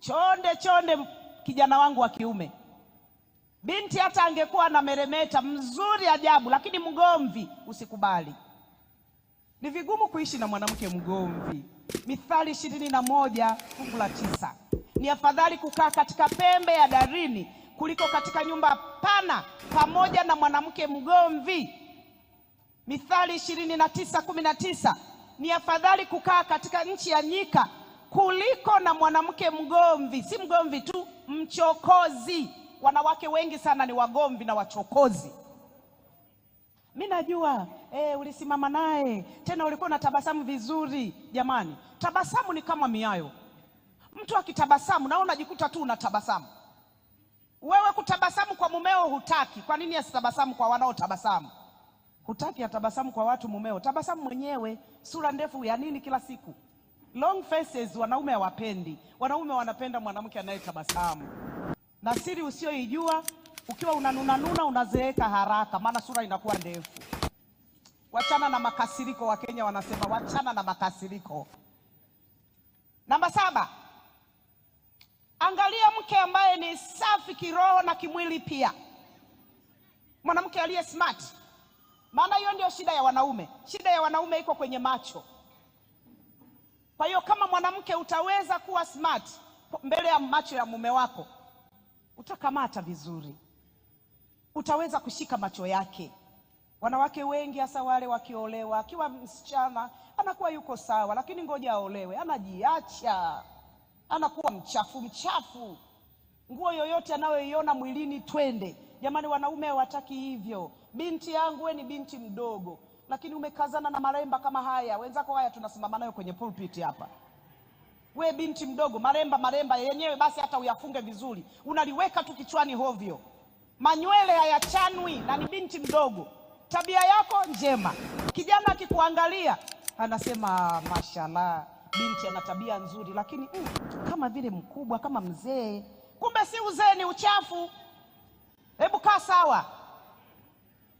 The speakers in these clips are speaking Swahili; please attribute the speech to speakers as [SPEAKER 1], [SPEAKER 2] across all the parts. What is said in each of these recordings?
[SPEAKER 1] Chonde chonde, kijana wangu wa kiume, binti hata angekuwa na meremeta mzuri ajabu, lakini mgomvi, usikubali. Ni vigumu kuishi na mwanamke mgomvi. Mithali ishirini na moja fungu la tisa ni afadhali kukaa katika pembe ya darini kuliko katika nyumba pana pamoja na mwanamke mgomvi. Mithali ishirini na tisa kumi na tisa ni afadhali kukaa katika nchi ya nyika kuliko na mwanamke mgomvi. Si mgomvi tu, mchokozi. Wanawake wengi sana ni wagomvi na wachokozi. Mi najua e, ulisimama naye tena, ulikuwa tabasamu vizuri. Jamani, tabasamu ni kama miayo. Mtu akitabasamu na unajikuta tu tabasamu Wewe kutabasamu kwa mumeo hutaki, kwa nini asitabasamu kwa wanaotabasamu? Hutaki atabasamu kwa watu mumeo, tabasamu mwenyewe. Sura ndefu ya nini kila siku? Long faces wanaume hawapendi. Wanaume wanapenda mwanamke anayetabasamu, na siri usiyoijua ukiwa unanunanuna unazeeka haraka, maana sura inakuwa ndefu. Wachana na makasiriko, Wakenya wanasema wachana na makasiriko. Namba saba, angalia mke ambaye ni safi kiroho na kimwili pia, mwanamke aliye smart, maana hiyo ndio shida ya wanaume. Shida ya wanaume iko kwenye macho. Kwa hiyo kama mwanamke utaweza kuwa smart mbele ya macho ya mume wako, utakamata vizuri, utaweza kushika macho yake. Wanawake wengi hasa wale wakiolewa, akiwa msichana anakuwa yuko sawa, lakini ngoja aolewe, anajiacha, anakuwa mchafu mchafu, nguo yoyote anayoiona mwilini twende. Jamani, wanaume hawataki hivyo. Binti yangu, we ni binti mdogo lakini umekazana na maremba kama haya wenzako, haya tunasimama nayo kwenye pulpit hapa. We binti mdogo, maremba maremba yenyewe basi hata uyafunge vizuri, unaliweka tu kichwani hovyo, manywele hayachanwi na ni binti mdogo. Tabia yako njema, kijana akikuangalia anasema mashallah, binti ana tabia nzuri, lakini mm, kama vile mkubwa kama mzee. Kumbe si uzee, ni uchafu. Hebu kaa sawa,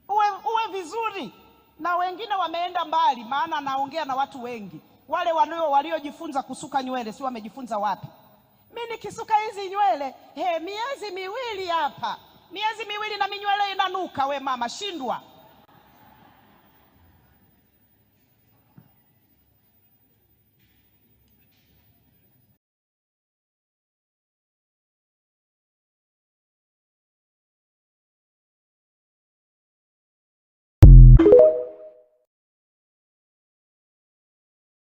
[SPEAKER 1] uwe, uwe vizuri na wengine wameenda mbali, maana naongea na watu wengi wale wanao waliojifunza kusuka nywele, si wamejifunza wapi? Mimi nikisuka hizi nywele he, miezi miwili hapa, miezi miwili na minywele inanuka. We mama, shindwa